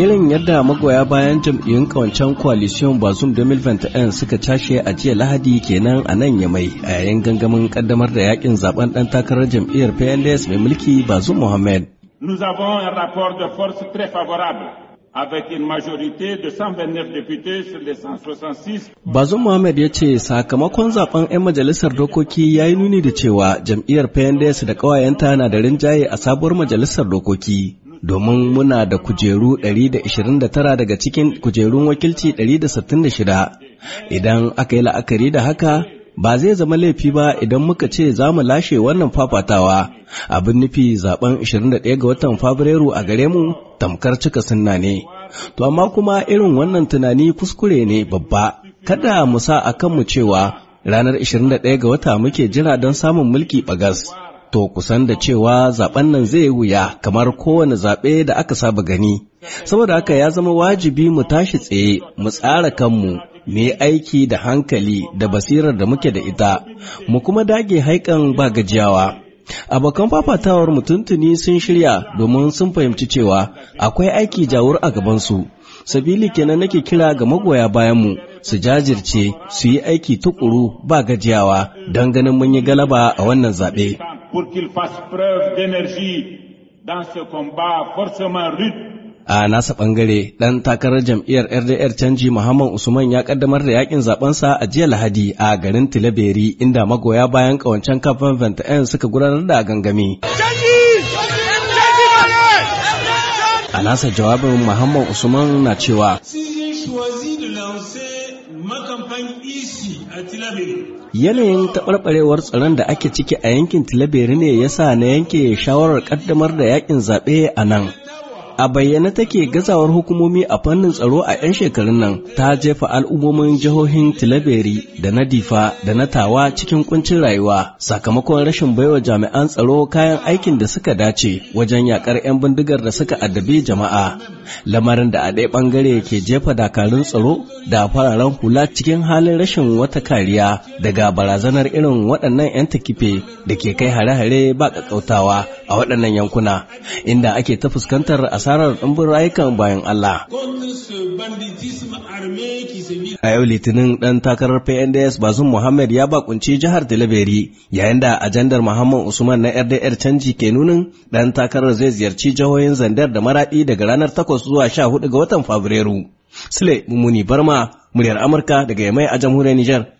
irin yadda magoya bayan jam'iyyun kawancen coalition bazum 2021 suka cashe a jiya lahadi kenan a nan mai a yayin gangamin kaddamar da yakin zaben dan takarar jam'iyyar pnds mai mulki bazum mohammed nous avons un rapport de force très favorable avec Bazum Mohamed ya ce sakamakon zaben 'yan majalisar dokoki ya yi nuni da cewa jam'iyyar PNDS da ƙawayenta na da rinjaye a sabuwar majalisar dokoki. domin muna da kujeru 129 daga cikin kujerun wakilci 166 idan aka yi la'akari da haka ba zai zama laifi ba idan muka ce za mu lashe wannan fafatawa abin nufi zaben 21 ga watan fabrairu a gare mu tamkar cika sunna ne to amma kuma irin wannan tunani kuskure ne babba kada mu sa a kanmu cewa ranar 21 ga wata muke jira don samun mulki bagas to kusan da cewa zaben nan zai wuya kamar kowane zaɓe da aka saba gani. Saboda haka ya zama wajibi mu tashi tsaye, mu tsara kanmu, mu yi aiki da hankali da basirar da muke da ita, mu kuma dage haikan ba gajiyawa. Abokan fafatawar mu tuntuni sun shirya domin sun fahimci cewa akwai aiki jawur a gabansu. Sabili kenan nake kira ga magoya bayanmu su jajirce su yi aiki tukuru ba gajiyawa don ganin mun yi galaba a wannan zaɓe. pour qu'il fasse preuve d'énergie dans ce combat forcément rude a nasa bangare dan takarar jam'iyyar RDR canji Muhammad Usman ya ƙaddamar da yakin sa a jiya Lahadi a garin Tilaberi inda magoya bayan kawancen kafin Venta'en suka gudanar da gangami. A nasa jawabin Muhammad Usman na cewa makamfan isi e a tilabiri yanayin taɓarɓarewar tsaron da ake ciki a yankin tilabiri ne ya sa na yanke shawarar ƙaddamar da yakin zaɓe a nan a bayyane take gazawar hukumomi a fannin tsaro a 'yan shekarun nan ta jefa al'ummomin jihohin tilaberi da na difa da na tawa cikin kuncin rayuwa sakamakon rashin baiwa jami'an tsaro kayan aikin da suka dace wajen yakar 'yan bindigar da suka addabi jama'a lamarin da a ɗaya bangare ke jefa dakarun tsaro da fararen hula cikin halin rashin wata kariya daga barazanar irin waɗannan 'yan takife da ke kai hare-hare ba ƙaƙƙautawa a waɗannan yankuna inda ake ta fuskantar asarar ɗumbin rayukan bayan Allah. A yau Litinin ɗan takarar PNDS Bazum Muhammad ya bakunci jihar Delaberi yayin da ajandar Muhammad Usman na RDR canji ke nunin ɗan takarar zai ziyarci jihohin Zandar da Maraɗi daga ranar takwas zuwa 14 ga watan Fabrairu. Sule Mumuni Barma, muryar Amurka daga Yamai a jamhuriyar Nijar.